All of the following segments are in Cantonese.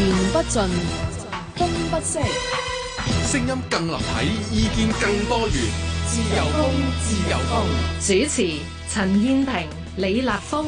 言不盡，風不息，聲音更立體，意見更多元，自由風，自由風。主持：陳燕萍、李立峰。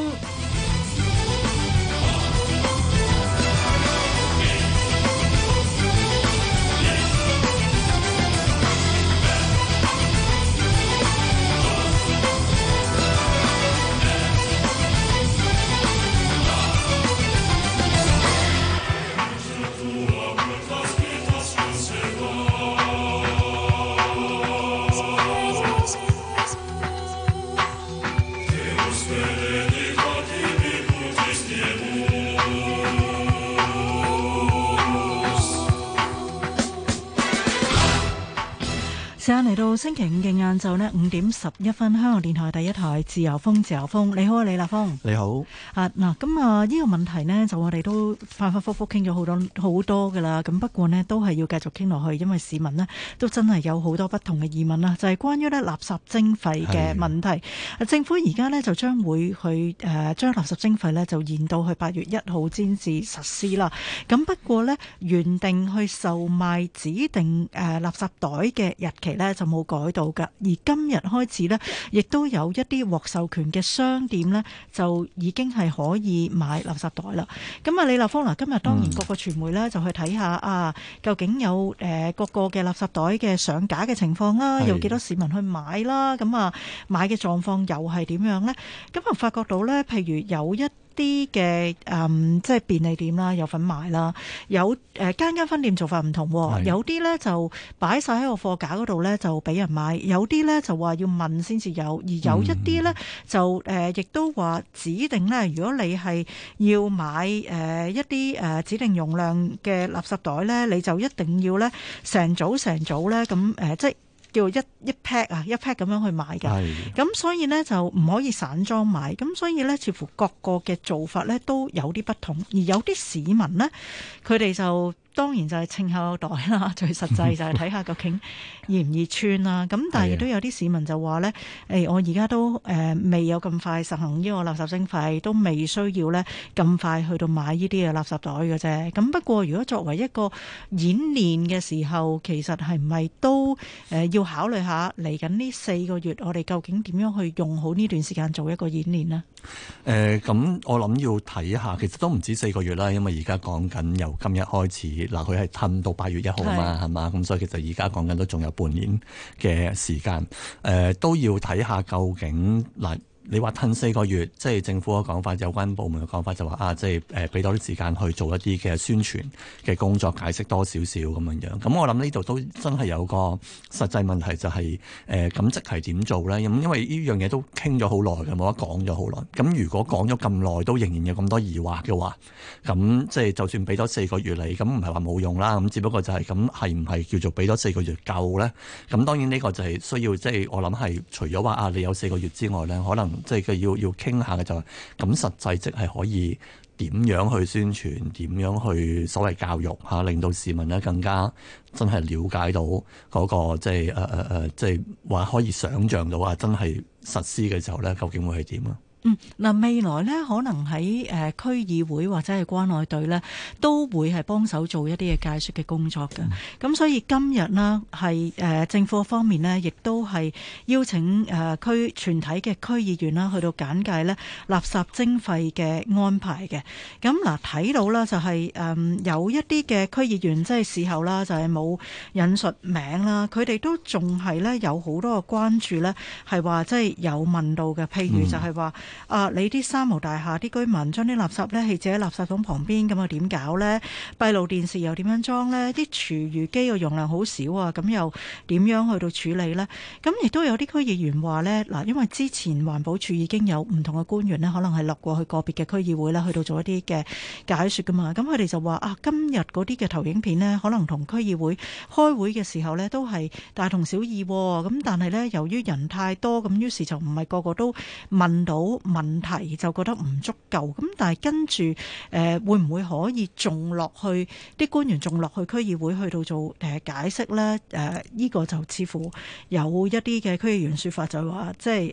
星期五嘅晏晝呢，五點十一分，香港電台第一台自由風，自由風，你好啊李立峰，你好啊。嗱，咁啊呢、呢個問題呢，就我哋都反反復復傾咗好多好多噶啦，咁不過呢，都係要繼續傾落去，因為市民呢，都真係有好多不同嘅疑問啦，就係、是、關於呢垃圾徵費嘅問題。政府而家呢，就將會去誒、呃、將垃圾徵費呢，就延到去八月一號先至實施啦。咁不過呢，原定去售賣指定誒垃圾袋嘅日期呢，就冇改。喺而今日開始呢，亦都有一啲獲授權嘅商店呢，就已經係可以買垃圾袋啦。咁啊，李立芳嗱，今日當然各個傳媒呢，就去睇下啊，究竟有誒各個嘅垃圾袋嘅上架嘅情況啦，有幾多市民去買啦，咁啊買嘅狀況又係點樣呢？咁啊，發覺到呢，譬如有一。啲嘅誒，即係便利店啦，有份賣啦。有誒間間分店做法唔同，有啲咧就擺晒喺個貨架嗰度咧，就俾人買；有啲咧就話要問先至有，而有一啲咧就誒，亦都話指定咧。如果你係要買誒一啲誒指定容量嘅垃圾袋咧，你就一定要咧成組成組咧咁誒，即係。叫一一 pack 啊，一 pack 咁樣去買嘅，咁所以呢，就唔可以散裝買，咁所以呢，似乎各個嘅做法呢都有啲不同，而有啲市民呢，佢哋就。當然就係稱口袋啦，最實際就係睇下究竟易唔易穿啦、啊。咁 但係亦都有啲市民就話呢：「誒、哎，我而家都誒、呃、未有咁快實行呢個垃圾徵費，都未需要呢咁快去到買呢啲嘅垃圾袋嘅啫。咁不過如果作為一個演練嘅時候，其實係唔係都誒、呃、要考慮下嚟緊呢四個月，我哋究竟點樣去用好呢段時間做一個演練呢？誒、呃，咁我諗要睇下，其實都唔止四個月啦，因為而家講緊由今日開始，嗱、呃，佢係褪到八月一號嘛，係嘛，咁所以其實而家講緊都仲有半年嘅時間，誒、呃，都要睇下究竟嗱。呃你話褪四個月，即係政府嘅講法，有關部門嘅講法就話啊，即係誒俾多啲時間去做一啲嘅宣傳嘅工作，解釋多少少咁樣樣。咁我諗呢度都真係有個實際問題，就係誒咁即係點做咧？咁因為呢樣嘢都傾咗好耐嘅，冇得講咗好耐。咁如果講咗咁耐都仍然有咁多疑惑嘅話，咁即係就算俾多四個月嚟，咁唔係話冇用啦。咁只不過就係咁係唔係叫做俾多四個月夠咧？咁當然呢個就係需要即係我諗係除咗話啊，你有四個月之外咧，可能。即係佢要要傾下嘅就係咁實際，即係可以點樣去宣傳，點樣去所謂教育吓，令到市民咧更加真係了解到嗰個即係誒誒誒即係話可以想象到啊，真係實施嘅時候咧，究竟會係點啊？嗯，嗱，未來呢可能喺誒、呃、區議會或者係關愛隊呢都會係幫手做一啲嘅介紹嘅工作嘅。咁、嗯、所以今日呢，係、呃、政府方面呢，亦都係邀請誒、呃、全體嘅區議員啦，去到簡介呢垃圾徵費嘅安排嘅。咁嗱，睇到啦就係、是呃、有一啲嘅區議員即係事後啦，就係、是、冇、就是、引述名啦，佢哋都仲係呢，有好多嘅關注呢，係話即係有問到嘅，譬如就係話。嗯啊！你啲三無大廈啲居民將啲垃圾呢棄置喺垃圾桶旁邊，咁又點搞呢？閉路電視又點樣裝呢？啲廚餘機個容量好少啊，咁又點樣去到處理呢？咁亦都有啲區議員話呢，嗱，因為之前環保署已經有唔同嘅官員呢，可能係落過去個別嘅區議會呢，去到做一啲嘅解説噶嘛。咁佢哋就話啊，今日嗰啲嘅投影片呢，可能同區議會開會嘅時候呢，都係大同小異，哦。咁但係呢，由於人太多，咁於是就唔係個個都問到。問題就覺得唔足夠，咁但係跟住誒，會唔會可以仲落去啲官員仲落去區議會去到做誒、呃、解釋呢？誒、呃，依、呢個就似乎有一啲嘅區議員説法就係話，就係話即係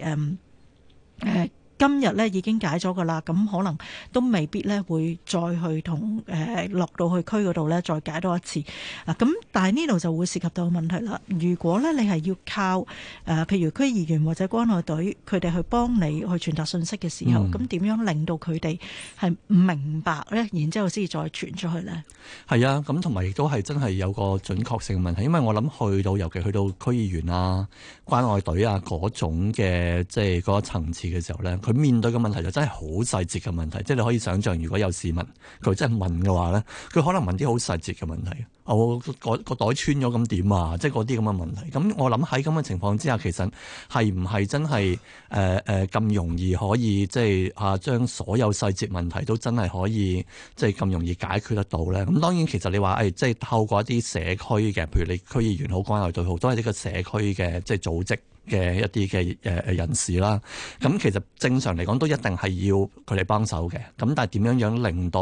誒誒。呃今日咧已經解咗噶啦，咁可能都未必咧會再去同誒、呃、落到去區嗰度咧再解多一次啊！咁但係呢度就會涉及到問題啦。如果咧你係要靠誒、呃，譬如區議員或者關愛隊佢哋去幫你去傳達信息嘅時候，咁、嗯、點樣令到佢哋係唔明白咧？然之後先至再傳出去呢？係啊，咁同埋亦都係真係有個準確性問題，因為我諗去到尤其去到區議員啊、關愛隊啊嗰種嘅即係嗰個層次嘅時候咧。佢面對嘅問題就真係好細節嘅問題，即係你可以想象，如果有市民佢真係問嘅話咧，佢可能問啲好細節嘅問題。我、哦、個袋穿咗咁點啊？即嗰啲咁嘅問題。咁我諗喺咁嘅情況之下，其實係唔係真係誒誒咁容易可以即係啊將所有細節問題都真係可以即係咁容易解決得到咧？咁當然其實你話誒、哎、即係透過一啲社區嘅，譬如你區議員好、關愛隊好，都係一個社區嘅即係組織嘅一啲嘅誒誒人士啦。咁其實正常嚟講都一定係要佢哋幫手嘅。咁但係點樣樣令到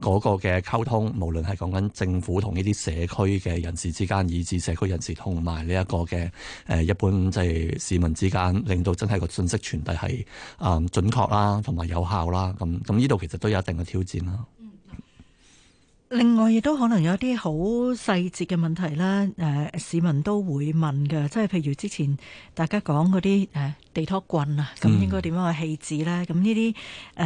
嗰個嘅溝通，無論係講緊政府同呢啲。社區嘅人士之間，以至社區人士同埋呢一個嘅誒一般即係市民之間，令到真係個信息傳遞係啊準確啦，同埋有效啦。咁咁呢度其實都有一定嘅挑戰啦。另外亦都可能有啲好細節嘅問題啦，誒市民都會問嘅，即係譬如之前大家講啲誒地拖棍啊，咁、嗯、應該點樣去棄置咧？咁呢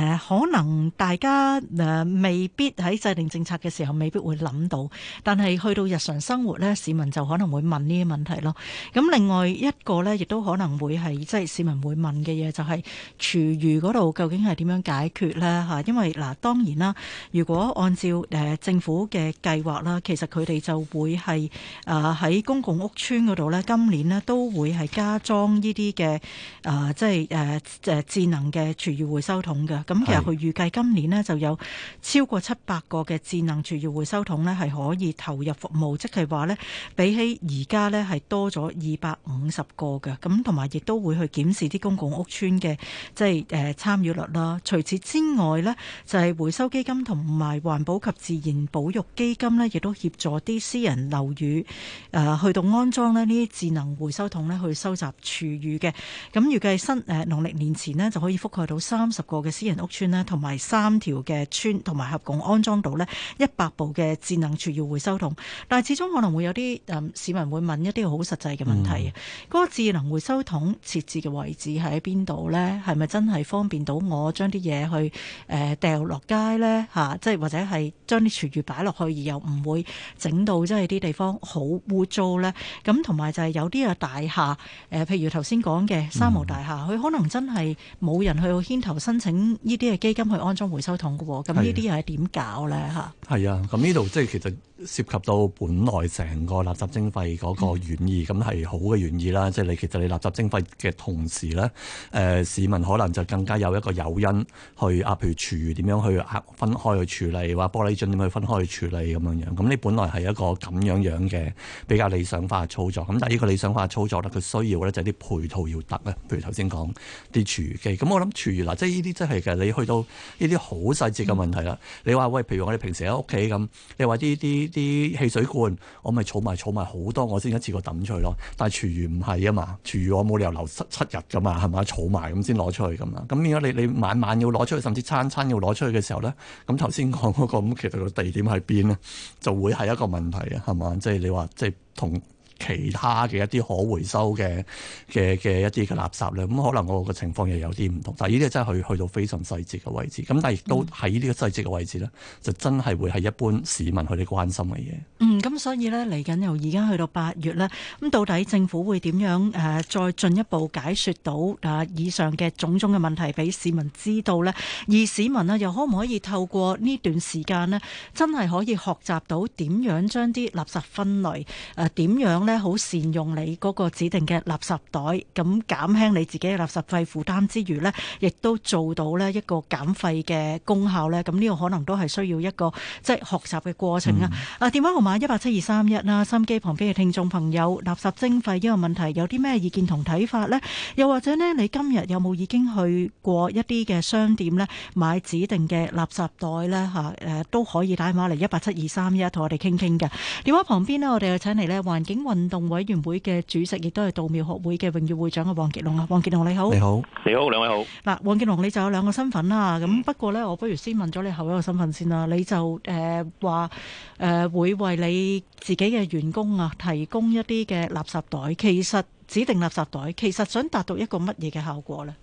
啲誒可能大家誒未必喺制定政策嘅時候未必會諗到，但係去到日常生活咧，市民就可能會問呢啲問題咯。咁另外一個咧，亦都可能會係即係市民會問嘅嘢、就是，就係廚餘度究竟係點樣解決咧？吓，因為嗱當然啦，如果按照誒。政、呃政府嘅計劃啦，其實佢哋就會係誒喺公共屋邨嗰度咧，今年咧都會係加裝呢啲嘅誒，即係誒誒智能嘅廚餘回收桶嘅。咁其實佢預計今年咧就有超過七百個嘅智能廚餘回收桶咧，係可以投入服務，即係話咧比起而家咧係多咗二百五十個嘅。咁同埋亦都會去檢視啲公共屋邨嘅即係誒參與率啦。除此之外咧，就係回收基金同埋環保及自然。保育基金呢亦都協助啲私人樓宇誒、呃、去到安裝咧呢啲智能回收桶咧，去收集廚餘嘅。咁預計新誒農、呃、曆年前咧就可以覆蓋到三十個嘅私人屋邨啦，同埋三條嘅邨同埋合共安裝到咧一百部嘅智能廚餘回收桶。但係始終可能會有啲誒、嗯、市民會問一啲好實際嘅問題，嗰、嗯，嗰個智能回收桶設置嘅位置喺邊度咧？係咪真係方便到我將啲嘢去誒掉落街咧？吓、啊，即係或者係將啲廚。越擺落去，而又唔會整到即係啲地方好污糟咧。咁同埋就係有啲嘅大廈，誒，譬如頭先講嘅三毛大廈，佢、嗯、可能真係冇人去牽頭申請呢啲嘅基金去安裝回收桶嘅喎。咁呢啲又係點搞咧？吓，係啊。咁呢度即係其實涉及到本來成個垃圾徵費嗰個原意，咁、嗯、係好嘅原意啦。即係你其實你垃圾徵費嘅同時咧，誒，市民可能就更加有一個誘因去啊，譬如廚餘點樣去分開去處理，或者玻璃樽點去，分開去。分開去處理咁樣樣，樣樣的，咁你本來係一個咁樣樣嘅比較理想化嘅操作。咁但係呢個理想化嘅操作咧，佢需要咧就係啲配套要得咧。譬如頭先講啲廚餘機，咁我諗廚餘嗱，即係呢啲真係其實你去到呢啲好細節嘅問題啦、嗯，你話喂，譬如我哋平時喺屋企咁，你話啲啲啲汽水罐，我咪儲埋儲埋好多，我先一次過抌出去咯。但係廚餘唔係啊嘛，廚餘我冇理由留七七日噶嘛，係咪？儲埋咁先攞出去咁啦。咁如果你你晚晚要攞出去，甚至餐餐要攞出去嘅時候咧，咁頭先講嗰個咁其實、就是地點喺邊咧，就會係一個問題啊，係嘛？即係你話，即係同。其他嘅一啲可回收嘅嘅嘅一啲嘅垃圾咧，咁可能我個情況又有啲唔同，但係呢啲真係去去到非常細節嘅位置，咁但係亦都喺呢個細節嘅位置咧，就真係會係一般市民佢哋關心嘅嘢。嗯，咁所以咧，嚟緊由而家去到八月咧，咁到底政府會點樣誒、呃、再進一步解說到啊，以上嘅種種嘅問題俾市民知道咧？而市民咧又可唔可以透過呢段時間咧，真係可以學習到點樣將啲垃圾分類誒點、呃、樣。咧好善用你嗰個指定嘅垃圾袋，咁減輕你自己嘅垃圾費負擔之餘咧，亦都做到咧一個減費嘅功效咧。咁呢個可能都係需要一個即係學習嘅過程啊！啊電話號碼一八七二三一啦，心機旁邊嘅聽眾朋友，垃圾徵費呢個問題有啲咩意見同睇法咧？又或者咧，你今日有冇已經去過一啲嘅商店咧買指定嘅垃圾袋咧？嚇誒都可以打電話嚟一八七二三一同我哋傾傾嘅。電話旁邊咧，我哋又請嚟咧環境運。運動委員會嘅主席亦都係稻苗學會嘅榮譽會長嘅黃傑龍啊，黃傑龍你好，你好，你好，兩位好。嗱，黃傑龍你就有兩個身份啦，咁不過咧，我不如先問咗你後一個身份先啦。你就誒話誒會為你自己嘅員工啊提供一啲嘅垃圾袋，其實指定垃圾袋，其實想達到一個乜嘢嘅效果咧？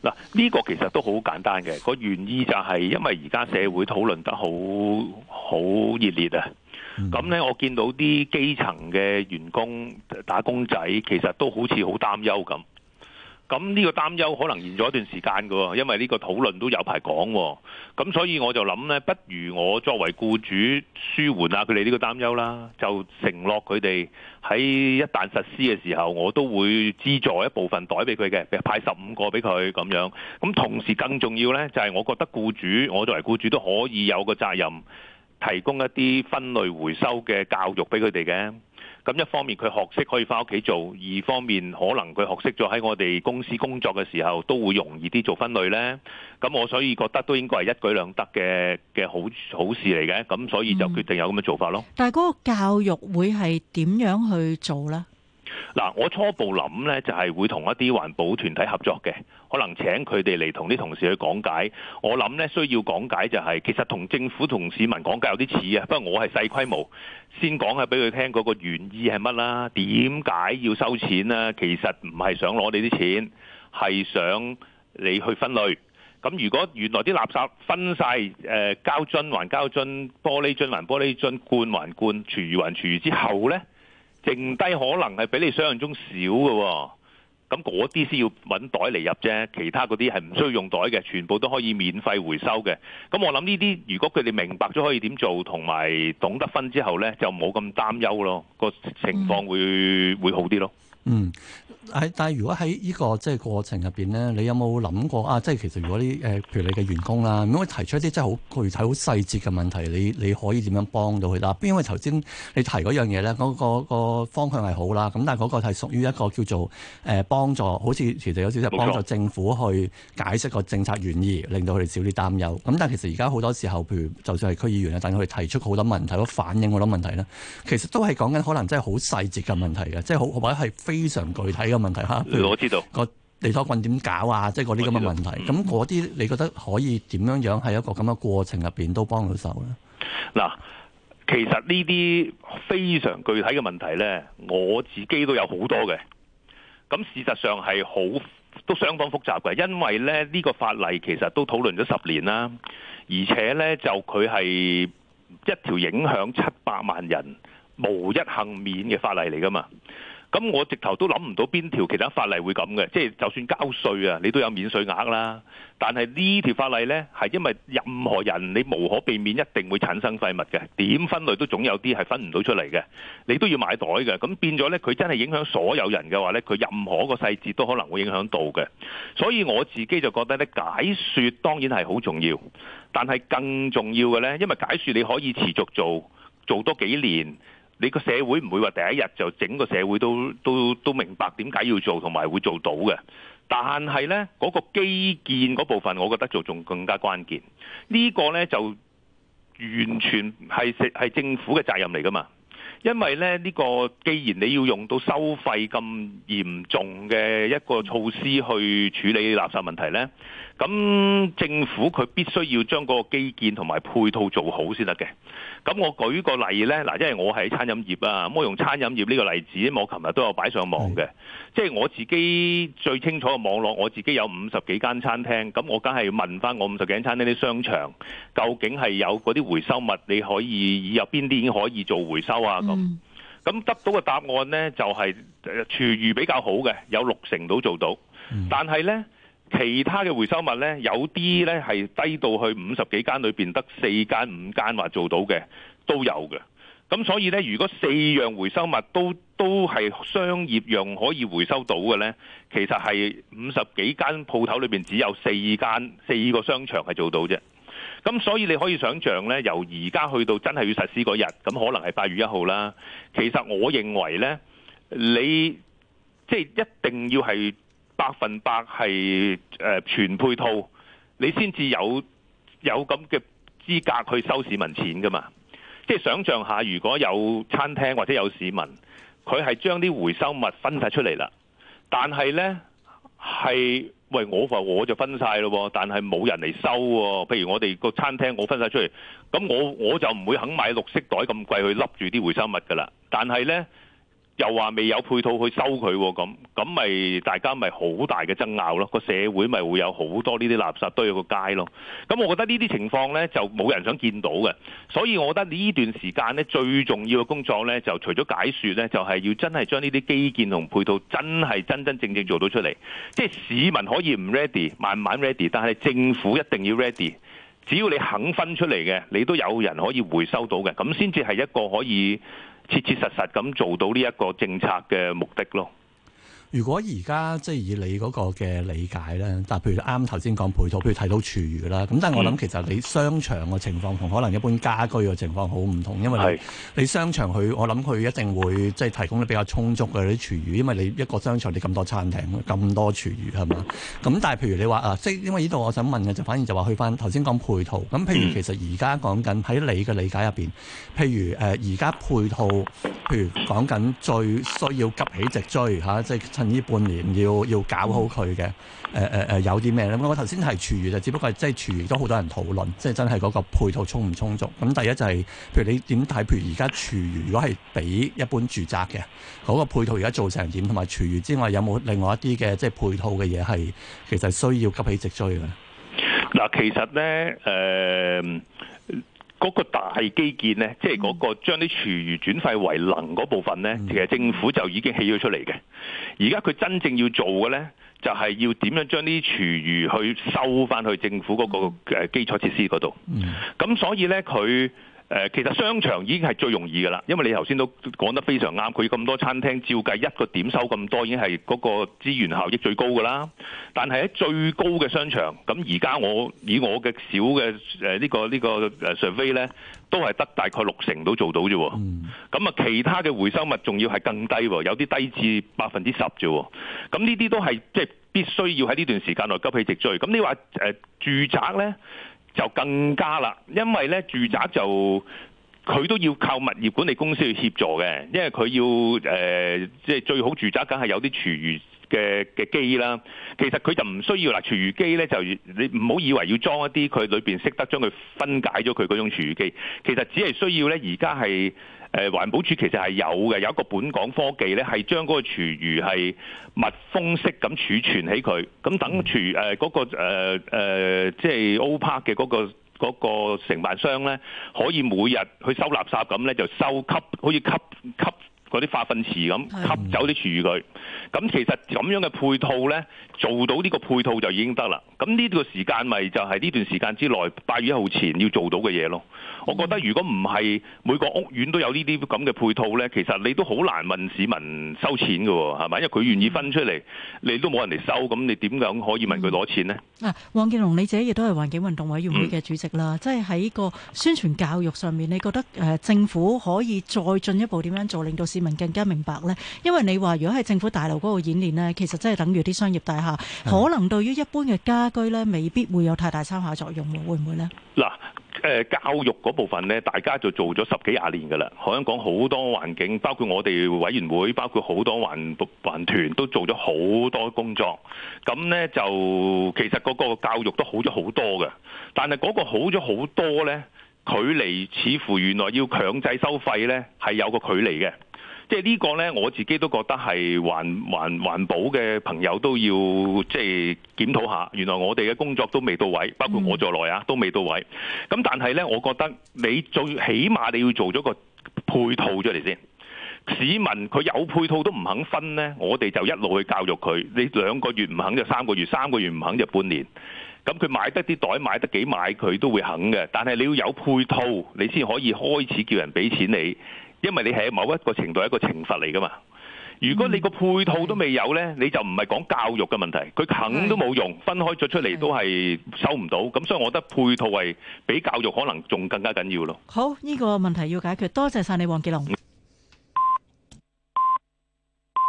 嗱，呢個其實都好簡單嘅，個原意就係因為而家社會討論得好好熱烈啊。咁、嗯、咧，我見到啲基層嘅員工打工仔，其實都好似好擔憂咁。咁呢個擔憂可能延咗一段時間㗎喎，因為呢個討論都有排講。咁所以我就諗呢，不如我作為僱主舒緩下佢哋呢個擔憂啦，就承諾佢哋喺一旦實施嘅時候，我都會資助一部分袋俾佢嘅，譬如派十五個俾佢咁樣。咁同時更重要呢，就係、是、我覺得僱主，我作為僱主都可以有個責任。提供一啲分類回收嘅教育俾佢哋嘅，咁一方面佢學識可以返屋企做，二方面可能佢學識咗喺我哋公司工作嘅時候都會容易啲做分類咧。咁我所以覺得都應該係一舉兩得嘅嘅好好事嚟嘅，咁所以就決定有咁嘅做法咯。但係嗰個教育會係點樣去做咧？嗱、啊，我初步諗呢就係、是、會同一啲環保團體合作嘅，可能請佢哋嚟同啲同事去講解。我諗呢需要講解就係、是，其實同政府同市民講解有啲似啊，不過我係細規模先講下俾佢聽嗰個原意係乜啦，點解要收錢啊？其實唔係想攞你啲錢，係想你去分類。咁如果原來啲垃圾分晒誒膠樽還膠樽、玻璃樽還玻璃樽、罐還罐、廚餘還廚餘之後呢。剩低可能係比你想象中少嘅喎，咁嗰啲先要揾袋嚟入啫，其他嗰啲係唔需要用袋嘅，全部都可以免費回收嘅。咁我諗呢啲，如果佢哋明白咗可以點做，同埋懂得分之後呢，就冇咁擔憂咯，個情況會會好啲咯。嗯，但係如果喺呢個即係過程入邊咧，你有冇諗過啊？即係其實如果啲誒譬如你嘅員工啦，咁佢提出一啲即係好具體好細節嘅問題，你你可以點樣幫到佢啦？因為頭先你提嗰樣嘢咧，嗰個個方向係好啦，咁但係嗰個係屬於一個叫做誒幫助，好似其實有少少幫助政府去解釋個政策原意，令到佢哋少啲擔憂。咁但係其實而家好多時候，譬如就算係區議員啊，等佢哋提出好多問題都反映好多問題咧，其實都係講緊可能真係好細節嘅問題嘅，即係好或者係非。非常具體嘅問題。嚇，譬如我知道個地拖棍點搞啊，即係嗰啲咁嘅問題。咁嗰啲你覺得可以點樣樣喺一個咁嘅過程入邊都幫到手呢？嗱，其實呢啲非常具體嘅問題呢，我自己都有好多嘅。咁事實上係好都相當複雜嘅，因為咧呢個法例其實都討論咗十年啦，而且呢，就佢係一條影響七百萬人無一幸免嘅法例嚟噶嘛。咁我直頭都諗唔到邊條其他法例會咁嘅，即係就算交稅啊，你都有免稅額啦。但係呢條法例呢，係因為任何人你無可避免一定會產生廢物嘅，點分類都總有啲係分唔到出嚟嘅，你都要買袋嘅。咁變咗呢，佢真係影響所有人嘅話呢，佢任何個細節都可能會影響到嘅。所以我自己就覺得呢，解説當然係好重要，但係更重要嘅呢，因為解説你可以持續做，做多幾年。你個社會唔會話第一日就整個社會都都都明白點解要做同埋會做到嘅。但係呢，嗰個基建嗰部分，我覺得就仲更加關鍵。呢個呢，就完全係政府嘅責任嚟噶嘛。因為咧呢個，既然你要用到收費咁嚴重嘅一個措施去處理垃圾問題呢，咁政府佢必須要將嗰個基建同埋配套做好先得嘅。咁我舉個例呢，嗱，因為我喺餐飲業啊，咁我用餐飲業呢個例子，因為我琴日都有擺上網嘅，即係我自己最清楚嘅網絡，我自己有五十幾間餐廳，咁我梗係問翻我五十幾間餐廳啲商場，究竟係有嗰啲回收物你可以以入邊啲已經可以做回收啊？咁、嗯，得到嘅答案呢，就係、係、廚餘比較好嘅，有六成都做到。但係呢，其他嘅回收物呢，有啲呢係低到去五十幾間裏面，得四間、五間話做到嘅都有嘅。咁所以呢，如果四樣回收物都都係商業用可以回收到嘅呢，其實係五十幾間鋪頭裏邊只有四間四個商場係做到啫。咁所以你可以想像呢，由而家去到真係要實施嗰日，咁可能係八月一號啦。其實我認為呢，你即係、就是、一定要係百分百係誒、呃、全配套，你先至有有咁嘅資格去收市民錢㗎嘛。即、就、係、是、想像下，如果有餐廳或者有市民，佢係將啲回收物分晒出嚟啦，但係呢係。喂，我話我就分曬咯，但係冇人嚟收喎。譬如我哋個餐廳，我分曬出嚟，咁我我就唔會肯買綠色袋咁貴去笠住啲回收物㗎啦。但係咧。又話未有配套去收佢咁，咁咪大家咪好大嘅爭拗咯，個社會咪會有好多呢啲垃圾堆喺個街咯。咁我覺得呢啲情況呢，就冇人想見到嘅，所以我覺得呢段時間呢，最重要嘅工作呢，就除咗解説呢，就係要真係將呢啲基建同配套真係真真正正做到出嚟，即係市民可以唔 ready 慢慢 ready，但係政府一定要 ready。只要你肯分出嚟嘅，你都有人可以回收到嘅，咁先至係一個可以。切切實實咁做到呢一個政策嘅目的咯。如果而家即係以你嗰個嘅理解咧，但係譬如啱頭先講配套，譬如睇到廚餘啦，咁但係我諗其實你商場嘅情況同可能一般家居嘅情況好唔同，因為你，你商場佢我諗佢一定會即係提供得比較充足嘅啲廚餘，因為你一個商場你咁多餐廳咁多廚餘係嘛？咁但係譬如你話啊，即係因為呢度我想問嘅就反而就話去翻頭先講配套，咁譬如其實而家講緊喺你嘅理解入邊，譬如誒而家配套，譬如講緊最需要急起直追吓，啊，即係。近呢半年要要搞好佢嘅，誒誒誒有啲咩咧？咁我頭先係廚餘就只不過係即係廚餘都好多人討論，即係真係嗰個配套充唔充足。咁第一就係，譬如你點睇？譬如而家廚餘如果係畀一般住宅嘅嗰個配套而家做成點？同埋廚餘之外有冇另外一啲嘅即係配套嘅嘢係其實需要急起直追嘅。嗱，其實咧誒。呃嗰、那個大基建呢，即係嗰個將啲廚餘轉廢為能嗰部分呢，其實政府就已經起咗出嚟嘅。而家佢真正要做嘅呢，就係、是、要點樣將啲廚餘去收翻去政府嗰個基礎設施嗰度。咁所以呢，佢。誒，其實商場已經係最容易嘅啦，因為你頭先都講得非常啱，佢咁多餐廳照計一個點收咁多，已經係嗰個資源效益最高嘅啦。但係喺最高嘅商場，咁而家我以我嘅小嘅、這個這個、呢個呢個誒 survey 都係得大概六成都做到啫。咁、嗯、啊，其他嘅回收物仲要係更低喎，有啲低至百分之十啫。咁呢啲都係即係必須要喺呢段時間內急起直追。咁你話、呃、住宅呢？就更加啦，因為咧住宅就佢都要靠物業管理公司去協助嘅，因為佢要誒即係最好住宅梗係有啲廚餘嘅嘅機啦。其實佢就唔需要啦，廚餘機咧就你唔好以為要裝一啲佢裏面識得將佢分解咗佢嗰種廚餘機，其實只係需要咧而家係。誒環保署其實係有嘅，有一個本港科技呢，係將嗰個廚餘係密封式咁儲存起佢，咁等廚誒嗰、呃呃呃嗰個誒即係 O·PARK 嘅嗰個嗰個承辦商呢，可以每日去收垃圾咁呢，就收吸，好似吸吸嗰啲化糞池咁，吸走啲廚餘佢。咁其實咁樣嘅配套呢，做到呢個配套就已經得啦。咁呢段時間咪就係呢段時間之內八月一號前要做到嘅嘢咯。我覺得如果唔係每個屋苑都有呢啲咁嘅配套咧，其實你都好難問市民收錢㗎喎，係咪？因為佢願意分出嚟，你都冇人嚟收，咁你點樣可以問佢攞錢咧？啊，黃傑龍，你自己亦都係環境運動委員會嘅主席啦，即係喺個宣傳教育上面，你覺得誒政府可以再進一步點樣做，令到市民更加明白咧？因為你話如果喺政府大樓嗰度演練咧，其實真係等於啲商業大廈，可能對於一般嘅家居咧，未必會有太大參考作用喎，會唔會咧？嗱。誒教育嗰部分咧，大家就做咗十幾廿年噶啦。香港好多環境，包括我哋委員會，包括好多環環團都做咗好多工作。咁咧就其實嗰個教育都好咗好多嘅。但係嗰個好咗好多咧，距離似乎原來要強制收費咧，係有個距離嘅。即係呢個呢，我自己都覺得係環環環保嘅朋友都要即係檢討下，原來我哋嘅工作都未到位，包括我在內啊，都未到位。咁但係呢，我覺得你最起碼你要做咗個配套出嚟先。市民佢有配套都唔肯分呢，我哋就一路去教育佢。你兩個月唔肯就三個月，三個月唔肯就半年。咁佢買得啲袋買得幾買佢都會肯嘅，但係你要有配套，你先可以開始叫人俾錢你。因為你係某一個程度係一個懲罰嚟噶嘛，如果你個配套都未有呢，嗯、你就唔係講教育嘅問題，佢肯都冇用，分開咗出嚟都係收唔到。咁所以我覺得配套係比教育可能仲更加緊要咯。好，呢、這個問題要解決，多謝晒你，黃傑龍。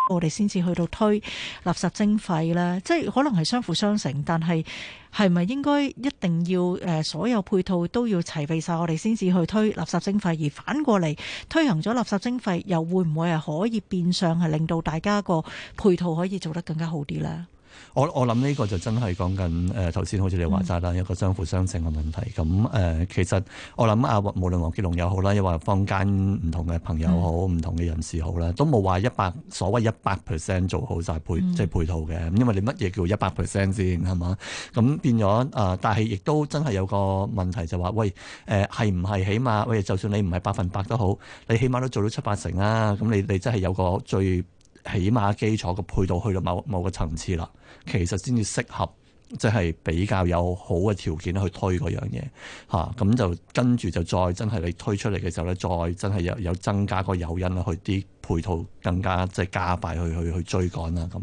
我哋先至去到推垃圾徵費啦，即係可能係相輔相成，但係係咪應該一定要誒所有配套都要齊備晒，我哋先至去推垃圾徵費？而反過嚟推行咗垃圾徵費，又會唔會係可以變相係令到大家個配套可以做得更加好啲呢？我我諗呢個就真係講緊誒，頭、呃、先好似你話齋啦，有一個相輔相成嘅問題。咁、嗯、誒、嗯，其實我諗啊，無論黃傑龍又好啦，又或者坊間唔同嘅朋友好，唔、嗯、同嘅人士好啦，都冇話一百所謂一百 percent 做好晒配，即、就、係、是、配套嘅。因為你乜嘢叫一百 percent 先係嘛？咁變咗誒、呃，但係亦都真係有個問題就話喂，誒係唔係起碼喂，就算你唔係百分百都好，你起碼都做到七八成啊？咁你你真係有個最起碼基礎嘅配套去到某某個層次啦。其實先至適合，即係比較有好嘅條件去推嗰樣嘢嚇，咁、啊、就跟住就再真係你推出嚟嘅時候咧，再真係有有增加個誘因去啲配套更加即係加快去去去追趕啦咁。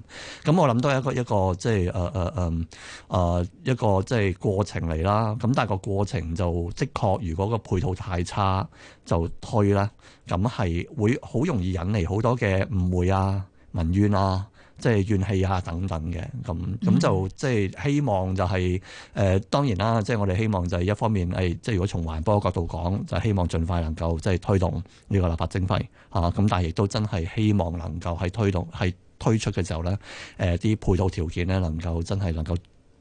咁我諗都係一個一個即係誒誒誒一個即係過程嚟啦。咁但係個過程就的確，如果個配套太差就推啦。咁係會好容易引嚟好多嘅誤會啊、民怨啊。即、就、係、是、怨氣啊等等嘅咁咁就即係希望就係、是、誒、呃、當然啦，即、就、係、是、我哋希望就係一方面即係如果從環保角度講，就是、希望盡快能夠即係推動呢個立法徵費嚇咁，但係亦都真係希望能夠係推動係推出嘅時候咧，誒啲配套條件咧能夠真係能夠。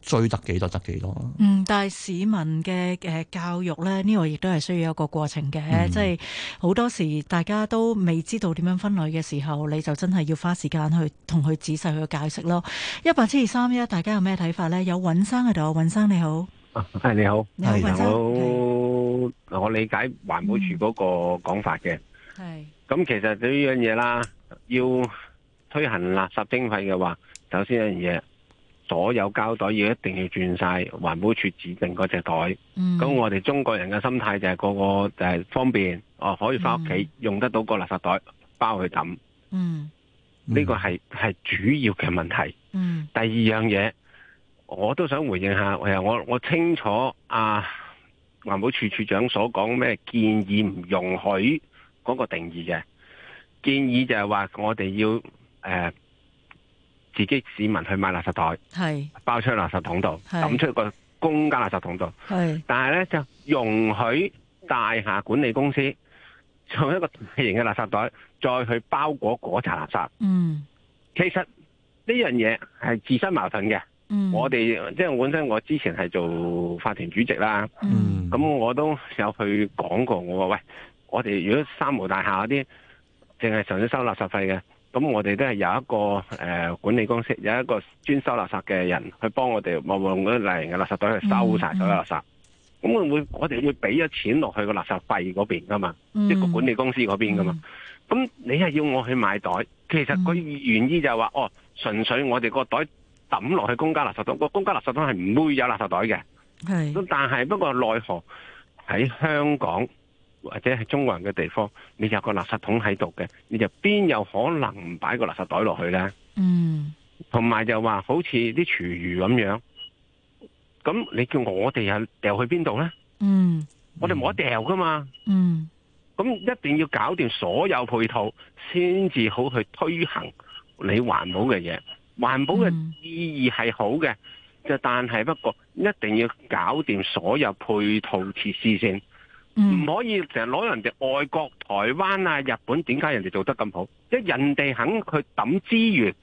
追得幾多，得幾多？嗯，但係市民嘅、呃、教育咧，呢、呢個亦都係需要一個過程嘅、嗯，即係好多時大家都未知道點樣分類嘅時候，你就真係要花時間去同佢仔細去解釋咯。一八七二三一，大家有咩睇法咧？有尹生喺度，尹生你好、啊，你好，你好。尹生我，我理解環保署嗰個講法嘅，咁、嗯嗯、其實呢樣嘢啦，要推行垃圾徵費嘅話，首先有一樣嘢。所有膠袋要一定要轉晒，環保處指定嗰隻袋，咁、嗯、我哋中國人嘅心態就係個個就係方便，哦、啊、可以翻屋企用得到個垃圾袋包去抌，呢、嗯呢個係係主要嘅問題、嗯。第二樣嘢，我都想回應一下，我我清楚啊環保處處長所講咩建議唔容許嗰個定義嘅建議就係話我哋要誒。呃自己市民去買垃圾袋，包出去垃圾桶度，抌出去個公家垃圾桶度。但係咧就容許大廈管理公司做一個大型嘅垃圾袋，再去包裹嗰扎垃圾。嗯，其實呢樣嘢係自身矛盾嘅。嗯，我哋即係本身我之前係做法團主席啦。嗯，咁我都有去講過，我話喂，我哋如果三無大廈嗰啲，淨係純粹收垃圾費嘅。咁我哋都係有一個、呃、管理公司，有一個專收垃圾嘅人去幫我哋，用一類型嘅垃圾袋去收晒所有垃圾。咁、嗯、會唔、嗯、會我哋會俾咗錢落去個垃圾費嗰邊㗎嘛？一個個管理公司嗰邊㗎嘛？咁、嗯、你係要我去買袋，其實佢原意就係話、嗯，哦，純粹我哋個袋抌落去公家垃圾桶，個公家垃圾桶係唔會有垃圾袋嘅。咁但係不過奈何喺香港。或者係中國人嘅地方，你有個垃圾桶喺度嘅，你就邊有可能唔擺個垃圾袋落去呢？嗯，同埋就話好似啲廚餘咁樣，咁你叫我哋啊掉去邊度呢？嗯，我哋冇得掉㗎嘛。嗯，咁一定要搞掂所有配套，先至好去推行你環保嘅嘢。環保嘅意義係好嘅，就、嗯、但係不過一定要搞掂所有配套設施先。唔、嗯、可以成日攞人哋外國、台灣啊、日本，點解人哋做得咁好？即係人哋肯去抌資源，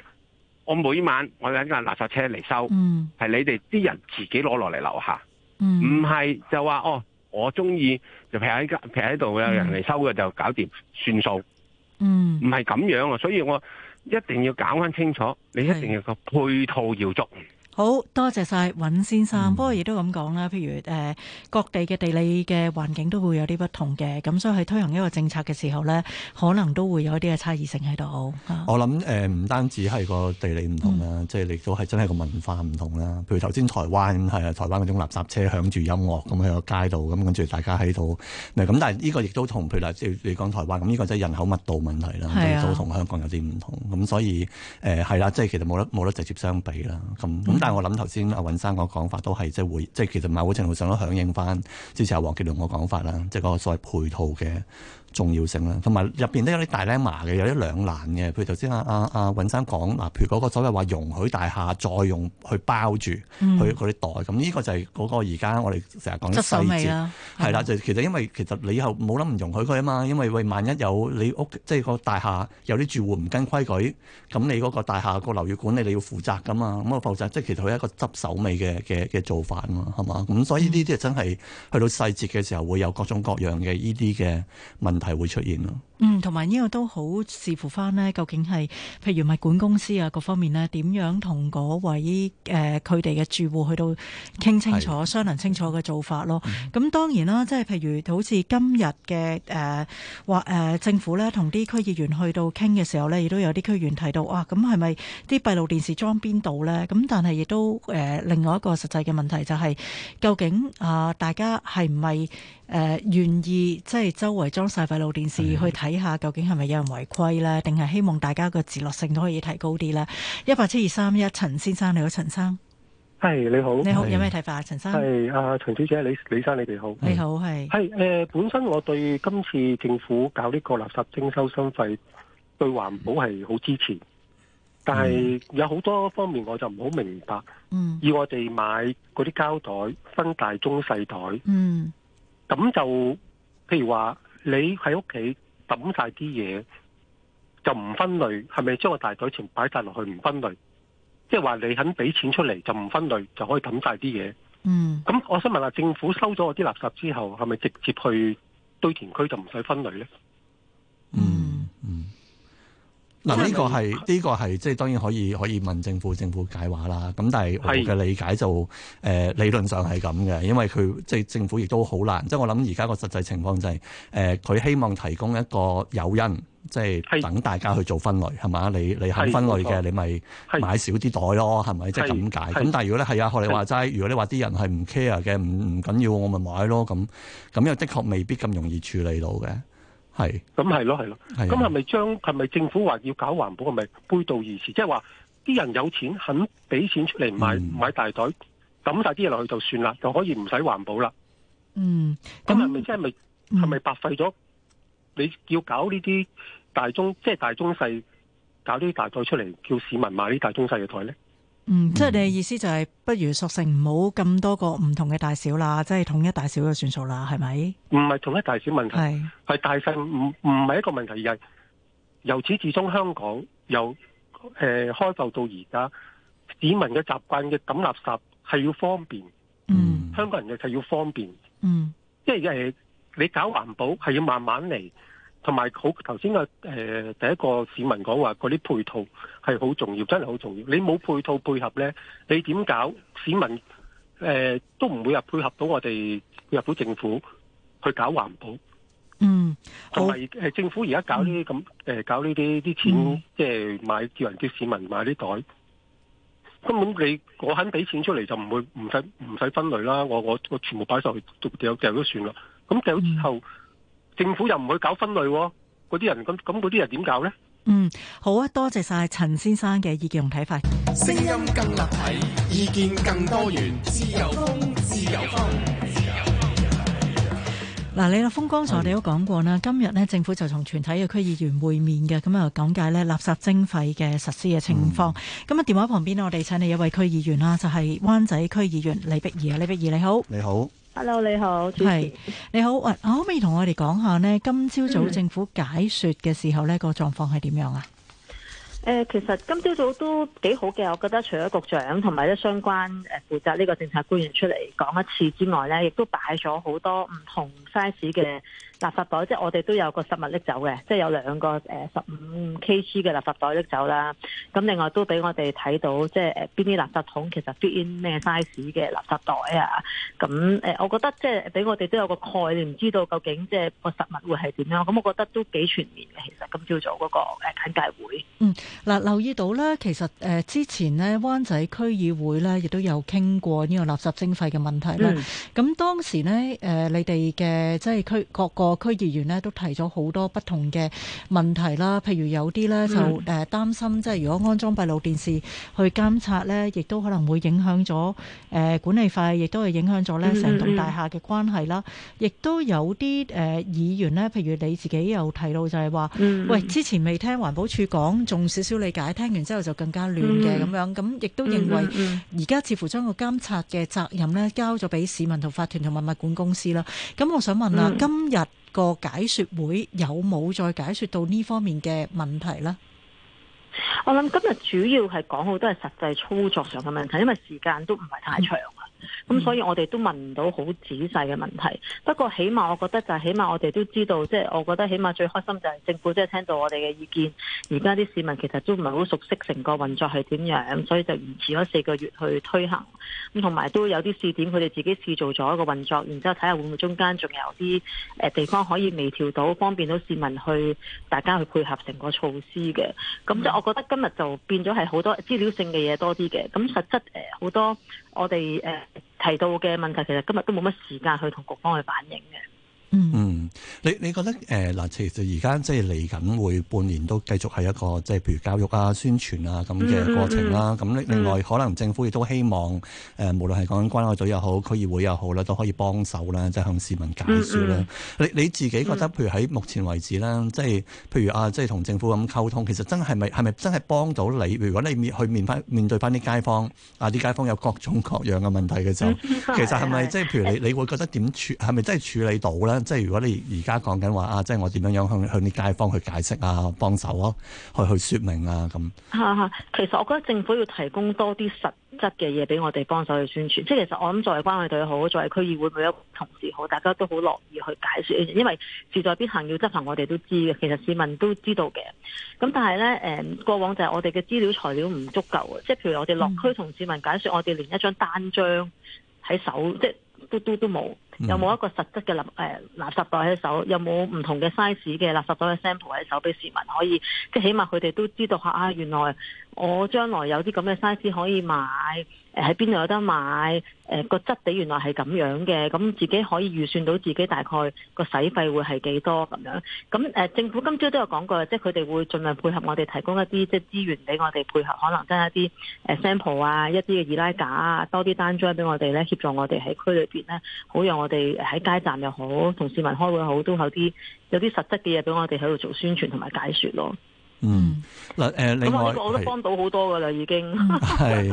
我每晚我有一架垃圾車嚟收，係、嗯、你哋啲人自己攞落嚟樓下，唔、嗯、係就話哦，我中意就劈喺間劈喺度，有人嚟收嘅就搞掂、嗯、算數，唔係咁樣啊！所以我一定要搞翻清楚，你一定要一個配套要足。好多謝晒尹先生，嗯、不過亦都咁講啦，譬如誒各地嘅地理嘅環境都會有啲不同嘅，咁所以喺推行呢個政策嘅時候咧，可能都會有一啲嘅差異性喺度、啊。我諗誒唔單止係個地理唔同啦、嗯，即係亦都係真係個文化唔同啦。譬如頭先台灣係啊，台灣嗰種垃圾車響住音樂咁喺個街度咁，跟住大家喺度咁。但係呢個亦都同譬如你講台灣咁，呢個真係人口密度問題啦，啊即係、都同香港有啲唔同。咁所以誒係啦，即係其實冇得冇得直接相比啦。咁但係我諗頭先阿尹生個講法都係即係會，即係其實某程度上都響應翻之前阿黃傑龍個講法啦，即係嗰個所謂配套嘅。重要性啦，同埋入邊都有啲大媽嘅，有啲兩難嘅。譬如頭、啊啊啊、先阿阿阿尹生講嗱，譬如嗰個所謂話容許大廈再用去包住佢嗰啲袋，咁、嗯、呢個就係嗰個而家我哋成日講啲細節，係啦、啊，就係、其實因為其實你以後冇諗唔容許佢啊嘛，因為喂萬一有你屋即係、就是、個大廈有啲住戶唔跟規矩，咁你嗰個大廈個樓宇管理你要負責噶嘛，咁、那個負責即係其實佢係一個執手尾嘅嘅嘅做法嘛，係嘛？咁所以呢啲真係去到細節嘅時候，會有各種各樣嘅呢啲嘅問。係會出現咯。嗯，同埋呢個都好視乎翻呢，究竟係譬如物管公司啊各方面呢，點樣同嗰位誒佢哋嘅住戶去到傾清楚、嗯、商量清楚嘅做法咯。咁、嗯、當然啦，即係譬如好似今日嘅誒或誒政府咧，同啲區議員去到傾嘅時候呢，亦都有啲區議員提到嘩，「咁係咪啲閉路電視裝邊度呢？」咁但係亦都誒另外一個實際嘅問題就係、是，究竟啊、呃、大家係唔係？誒、呃、願意即係周圍裝晒閉路電視去睇下，究竟係咪有人違規呢？定係希望大家個自律性都可以提高啲呢？一八七二三一，陳先生你好，陳生，係你好，你好，有咩睇法生 hey, 啊？陳生係啊，陳小姐、李李生，你哋好，你好，係係、hey, 呃、本身我對今次政府搞呢個垃圾徵收收，收費對環保係好支持，嗯、但係有好多方面我就唔好明白。嗯，要我哋買嗰啲膠袋分大中細袋，嗯。咁就譬如話，你喺屋企抌曬啲嘢，就唔分類，係咪將個大袋全擺晒落去唔分類？即係話你肯俾錢出嚟就唔分類，就可以抌曬啲嘢。嗯，咁我想問下，政府收咗我啲垃圾之後，係咪直接去堆填區就唔使分類呢？嗱、這個，呢、這個係呢個係即係當然可以可以問政府政府解話啦。咁但係我嘅理解就誒、呃、理論上係咁嘅，因為佢即係政府亦都好難。即係我諗而家個實際情況就係、是、誒，佢、呃、希望提供一個誘因，即係等大家去做分類係嘛？你你肯分類嘅，你咪買少啲袋咯，係咪即係咁解？咁但係如果咧係啊，學你話齋，如果你話啲人係唔 care 嘅，唔唔緊要，我咪買咯。咁咁又的確未必咁容易處理到嘅。係，咁係咯，係咯，咁係咪將係咪政府話要搞環保，係咪背道而馳？即係話啲人有錢肯俾錢出嚟買、嗯、買大袋，抌晒啲嘢落去就算啦，就可以唔使環保啦。嗯，咁係咪即係咪係咪白費咗、嗯？你要搞呢啲大中，即、就、係、是、大中細搞啲大袋出嚟，叫市民買啲大中細嘅袋咧？嗯，即係你嘅意思就係，不如索性唔好咁多個唔同嘅大小啦，即、就、係、是、統一大小就算數啦，係咪？唔係統一大小問題，係大細唔唔係一個問題，而係由始至終香港由誒、呃、開埠到而家，市民嘅習慣嘅抌垃圾係要方便，嗯，香港人就係要方便，嗯，即係你搞環保係要慢慢嚟。同埋好，頭先嘅第一個市民講話，嗰啲配套係好重要，真係好重要。你冇配套配合咧，你點搞？市民誒、呃、都唔會入配合到我哋入到政府去搞環保。嗯，同埋政府而家搞呢啲咁搞呢啲啲錢，即、嗯、係、就是、買叫人叫市民買啲袋。根本你我肯俾錢出嚟，就唔會唔使唔使分類啦。我我我全部擺晒落去，掉掉都算啦。咁掉之後。嗯。政府又唔會搞分類，嗰啲人咁咁，嗰啲人點搞呢？嗯，好啊，多謝晒陳先生嘅意見同睇法。聲音更立體，意見更多元，自由風，自由風，自由風。嗱，李樂峰剛才我哋都講過啦，今日呢政府就同全體嘅區議員會面嘅，咁啊講解呢垃圾徵費嘅實施嘅情況。咁啊，電話旁邊我哋請嚟一位區議員啦，就係灣仔區議員李碧儀啊，李碧儀你好，你好。Hello，你好，Gigi，你好，可唔可以同我哋講下咧？今朝早，早政府解說嘅時候咧、嗯，個狀況係點樣啊？誒，其實今朝早，早都幾好嘅，我覺得除咗局長同埋咧相關誒負責呢個政策官員出嚟講一次之外咧，亦都擺咗好多唔同 size 嘅垃圾袋，即係我哋都有個實物拎走嘅，即係有兩個誒十五 kg 嘅垃圾袋拎走啦。咁另外都俾我哋睇到，即係誒邊啲垃圾桶其實 fit 咩 size 嘅垃圾袋啊。咁誒，我覺得即係俾我哋都有個概念，唔知道究竟即係個實物會係點樣。咁我覺得都幾全面嘅，其實今朝早嗰個誒簡介會。嗯。嗱、啊，留意到咧，其實誒、呃、之前咧，灣仔區議會咧，亦都有傾過呢個垃圾徵費嘅問題啦。咁、嗯、當時咧，誒、呃、你哋嘅即係區各個區議員咧，都提咗好多不同嘅問題啦。譬如有啲咧就誒擔心，嗯、即係如果安裝閉路電視去監察咧，亦都可能會影響咗誒管理費亦都係影響咗咧成棟大廈嘅關係啦。亦、嗯嗯、都有啲誒、呃、議員咧，譬如你自己有提到就係話、嗯，喂，之前未聽環保署講仲。少理解，聽完之後就更加亂嘅咁樣，咁亦都認為而家似乎將個監察嘅責任咧交咗俾市民同法團同物管公司啦。咁我想問啦，今日個解說會有冇再解說到呢方面嘅問題咧？我諗今日主要係講好多係實際操作上嘅問題，因為時間都唔係太長啊。咁所以我哋都問唔到好仔細嘅問題。不過起碼我覺得就係起碼我哋都知道，即係我覺得起碼最開心就係政府即係聽到我哋嘅意見。而家啲市民其實都唔係好熟悉成個運作係點樣，所以就延遲咗四個月去推行。咁同埋都有啲試點，佢哋自己試做咗一個運作，然之後睇下會唔會中間仲有啲誒地方可以微調到，方便到市民去大家去配合成個措施嘅。咁即係我覺得今日就變咗係好多資料性嘅嘢多啲嘅，咁實質誒好多。我哋誒提到嘅問題，其實今日都冇乜時間去同局方去反映嘅。Mm. 嗯，你你覺得誒嗱、呃，其實而家即係嚟緊會半年都繼續係一個即係譬如教育啊、宣傳啊咁嘅過程啦。咁、mm-hmm. 另外、mm-hmm. 可能政府亦都希望誒、呃，無論係講緊關愛組又好、區議會又好啦，都可以幫手啦，即係向市民介紹啦。Mm-hmm. 你你自己覺得，譬如喺目前為止啦，即係譬如啊，即係同政府咁溝通，其實真係咪係咪真係幫到你？如果你面去面翻面對翻啲街坊啊，啲街坊有各種各樣嘅問題嘅時候，mm-hmm. 其實係咪即係譬如你，你會覺得點處係咪真係處理到咧？即係如果你而家講緊話啊，即係我點樣樣向向啲街坊去解釋啊，幫手咯、啊，去去説明啊咁。係啊，其實我覺得政府要提供多啲實質嘅嘢俾我哋幫手去宣傳。即係其實我諗作為關愛隊好，作為區議會每一個同事好，大家都好樂意去解釋。因為事在必行，要執行我哋都知嘅，其實市民都知道嘅。咁但係咧，誒過往就係我哋嘅資料材料唔足夠嘅，即係譬如我哋落區同市民解釋、嗯，我哋連一張單張喺手，即係。都都都冇，有冇一個實質嘅垃誒、呃、垃圾袋喺手？有冇唔同嘅 size 嘅垃圾袋嘅 sample 喺手，俾市民可以，即係起碼佢哋都知道嚇啊！原來我將來有啲咁嘅 size 可以買。喺邊度有得買？誒、呃、個質地原來係咁樣嘅，咁自己可以預算到自己大概個洗費會係幾多咁樣？咁、呃、政府今朝都有講過，即係佢哋會盡量配合我哋提供一啲即係資源俾我哋配合，可能跟一啲 sample 啊，一啲嘅二拉架啊，多啲單 o 俾我哋咧協助我哋喺區裏邊咧，好讓我哋喺街站又好，同市民開會好，都有啲有啲實質嘅嘢俾我哋喺度做宣傳同埋解說咯。嗯，嗱，誒，另外，這個、我都得幫到好多噶啦，已經係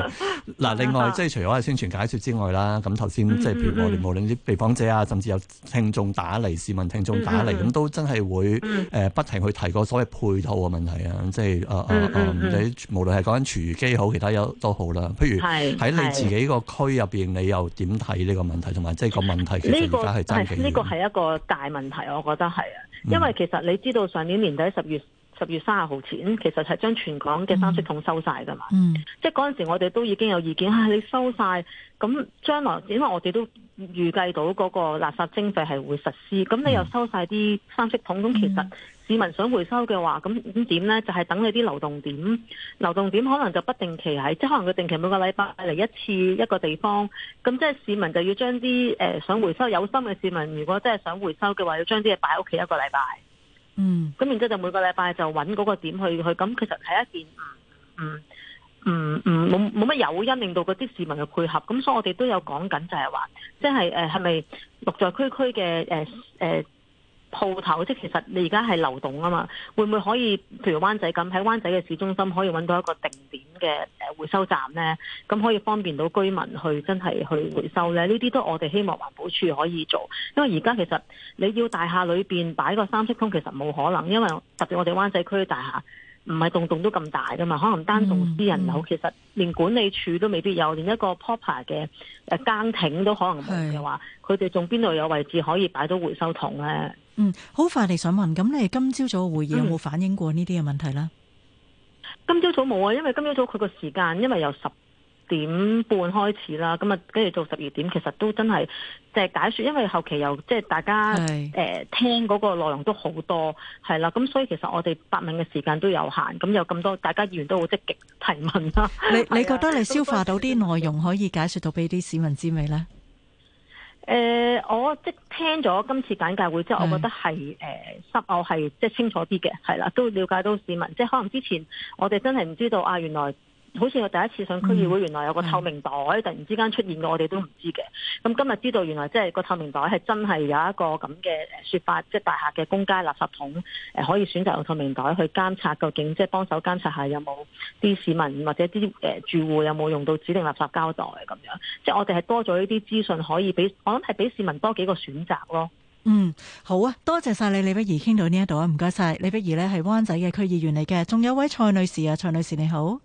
嗱、 啊，另外即係除咗係宣傳解説之外啦，咁頭先即係譬如我哋、嗯、無論啲被訪者啊，甚至有聽眾打嚟、嗯、市民聽眾打嚟，咁、嗯、都真係會誒、嗯呃、不停去提過所謂配套嘅問題、嗯、啊，即係誒誒誒，無論係講緊廚餘機好，其他都好啦，譬如喺你自己個區入邊，你又點睇呢個問題，同埋即係個問題其實而家係真幾？呢、這個係一個大問題，我覺得係啊、嗯，因為其實你知道上年年底十月。十月三十號前，其實係將全港嘅三色桶收晒噶嘛。嗯、即係嗰陣時，我哋都已經有意見、哎、你收晒，咁將來因為我哋都預計到嗰個垃圾徵費係會實施，咁你又收晒啲三色桶，咁其實市民想回收嘅話，咁點呢？就係、是、等你啲流動點，流動點可能就不定期喺，即係可能佢定期每個禮拜嚟一次一個地方，咁即係市民就要將啲、呃、想回收有心嘅市民，如果真係想回收嘅話，要將啲嘢擺喺屋企一個禮拜。嗯，咁然之後就每個禮拜就揾嗰個點去去。咁其實係一件唔唔唔唔冇冇乜誘因令到嗰啲市民嘅配合。咁所以我哋都有講緊，就係、是、話，即係誒係咪六在區區嘅誒誒。呃呃鋪頭即係其實你而家係流動啊嘛，會唔會可以譬如灣仔咁喺灣仔嘅市中心可以揾到一個定點嘅誒回收站呢？咁可以方便到居民去真係去回收呢？呢啲都我哋希望環保處可以做，因為而家其實你要大廈裏邊擺一個三色桶，其實冇可能，因為特別我哋灣仔區大廈。唔係棟棟都咁大噶嘛，可能單棟私人樓其實連管理處都未必有，連一個 proper 嘅誒更亭都可能冇嘅話，佢哋仲邊度有位置可以擺到回收桶咧？嗯，好快嚟想問，咁你哋今朝早嘅會議有冇反映過呢啲嘅問題呢？嗯、今朝早冇啊，因為今朝早佢個時間，因為有十。點半開始啦，咁啊，跟住到十二點，其實都真係即係解説，因為後期又即係大家誒聽嗰個內容都好多係啦，咁所以其實我哋發問嘅時間都有限，咁有咁多大家議員都好積極提問啦。你你覺得你消化到啲內容可以解説到俾啲市民知未呢？誒、呃，我即係聽咗今次簡介會之後，我覺得係誒，偶、呃、係即係清楚啲嘅，係啦，都了解到市民，即係可能之前我哋真係唔知道啊，原來。好似我第一次上區議會，原來有個透明袋，突然之間出現嘅，我哋都唔知嘅。咁今日知道，原來即係個透明袋係真係有一個咁嘅説法，即係大廈嘅公街垃圾桶可以選擇用透明袋去監察，究竟即係幫手監察下有冇啲市民或者啲誒住戶有冇用到指定垃圾膠袋咁樣，即係我哋係多咗呢啲資訊，可以俾我諗係俾市民多幾個選擇咯。嗯，好啊，多謝晒你李碧儀，傾到呢一度啊，唔該晒。李碧儀呢係灣仔嘅區議員嚟嘅。仲有位蔡女士啊，蔡女士你好。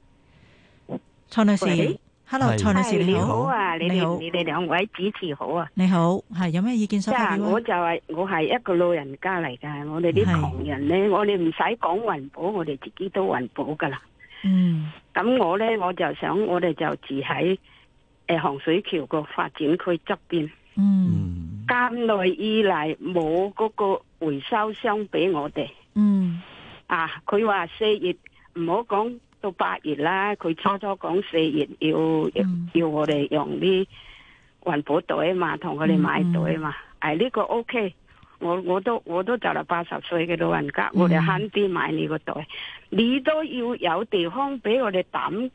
蔡女士，哈嘍，蔡女士你好。你好，你哋，你哋兩位主持好啊。你好，係有咩意見想提咧？即係我就係我係一個老人家嚟噶，我哋啲窮人咧，我哋唔使講環保，我哋自己都環保噶啦。嗯，咁我咧，我就想，我哋就住喺誒洪水橋個發展區側邊。嗯，咁耐以嚟冇嗰個回收箱俾我哋。嗯，啊，佢話四月唔好講。到八月啦，佢初初講四月要要我哋用啲環保袋嘛，同佢哋買袋嘛。誒呢個 O K，我我都我都就嚟八十歲嘅老人家，我哋慳啲買你個袋。你都要有地方俾我哋抌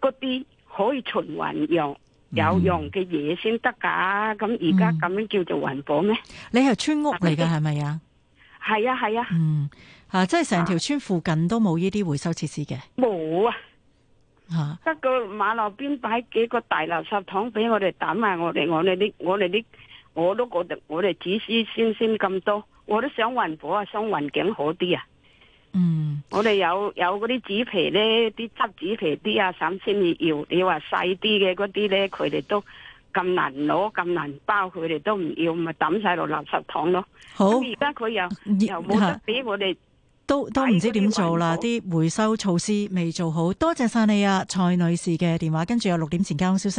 嗰啲可以循環用有用嘅嘢先得噶。咁而家咁樣叫做環保咩？你係村屋嚟㗎係咪啊？係啊，係啊。嗯。吓、啊，即係成條村附近都冇呢啲回收設施嘅，冇啊！吓、啊，得個馬路邊擺幾個大垃圾桶俾我哋抌啊！我哋我哋啲我哋啲，我都覺得我哋紙書先先咁多，我都想環保啊，想環境好啲啊！嗯，我哋有有嗰啲紙皮咧，啲執紙皮啲啊，三千要，你話細啲嘅嗰啲咧，佢哋都咁難攞，咁難包，佢哋都唔要，咪抌晒落垃圾桶咯。好，而家佢又又冇得俾我哋。都都唔知點做啦！啲回收措施未做好，多謝曬你啊，蔡女士嘅電話，跟住有六點前交通消息。